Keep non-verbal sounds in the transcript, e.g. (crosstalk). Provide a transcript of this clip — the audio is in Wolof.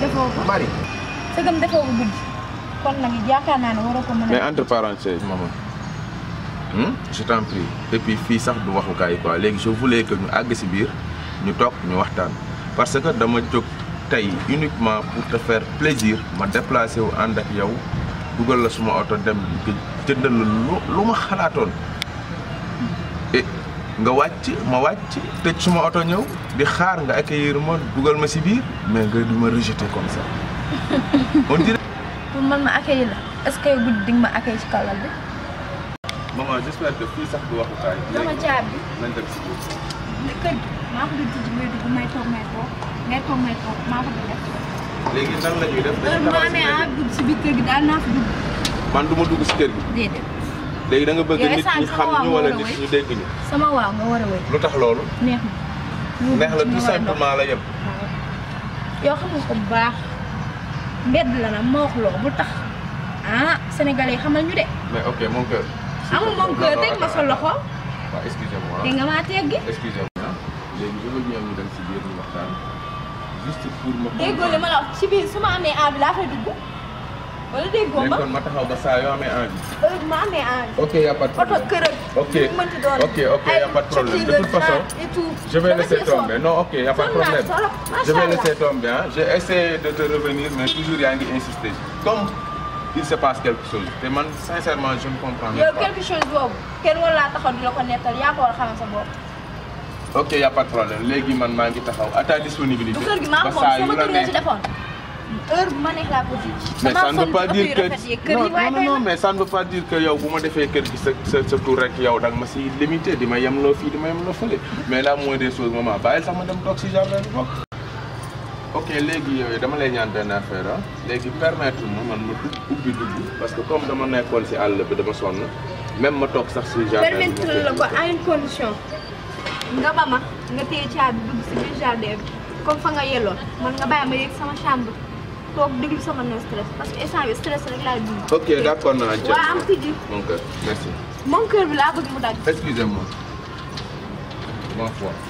defoo ko mari sëgam defoo ko hmm? fii sax du waxukaay quoi léegi je voulais ñu àgg si biir ñu toog ñu waxtaan parce que dama jóg tey uniquement pour te faire plaisir ma déplacé wu ànd ak yow dugal la suma oto dem jëndal la lu ma xalaatoon. nga wàcc ma wàcc tëj suma oto ñëw di xaar nga accueillir ma dugal ma si biir mais nga di ma rejeter (laughs) man ma accueillir la est-ce que guddi di nga ma accueillir ci kaw lal bi. maman j'espère que fii sax du waxukaay. dama caabi gi may toog may toog may toog la ñuy si ah, kër gi heure bu man du ma dugg si kër gi. déedéet. léegi da nga bëgg nit ñi xam ñu wala nit ñu dégg ñu sama wa nga wara a lutax loolu neex neex la tout simplement la yëm yo xam ko baax mbedd la na mo wax lo bu tax ah sénégalais xamal ñu dé mais ok mon cœur am mon cœur teg ma sa loxo wa excusez-moi te nga ma téggé excusez-moi léegi je veux ñëw ñu dem ci biir ñu waxtaan juste pour ma déggoo li ma la wax ci biir suma amé amee la fay dugg wala déggoo ma kon ma y' a pas de problème oto ok ok ok y' a pas de problème de toute façon. je vais laisser tomber non ok il y' a pas de problème. je vais laisser tomber Hein. j'ai essayé de te revenir mais toujours il yaa ngi insister comme il se passe quelque chose te man sincèrement je ne comprends pas. yow quelque chose boobu kenn war laa taxaw di ko nettal yaa ko war a xamal sa bopp. ok y' a pas de problème léegi man maa ngi taxaw à ta disponibilité. ba saa yu la nee heure bu ma neex laa ko ji. mais ça ne veut pas mais ça ne veut que yow bu ma defee kër gi sa sa sa tur rek yow danga ma si limité di ma yem yemloo fii di ma yemloo fële mais la moindre des choses maman bàyyil sax ma dem toog si jardin bi ok léegi yooyu euh, dama lay ñaan benn affaire ah permettre ma man ma dugg parce que comme dama nekkoon si àll bi dama sonn même ma toog sax si jardin bi. permettre la si comme fa nga yelloon man nga bàyyi ma yegg sama chambre. toog déglu sama no stress parce que instant bi stress rek laa dund. ok d' accord naa Thiel waaw am tijji. mon cœur merci. mon cœur bi laa bëgg mu dagg. excusez-moi. ma foi.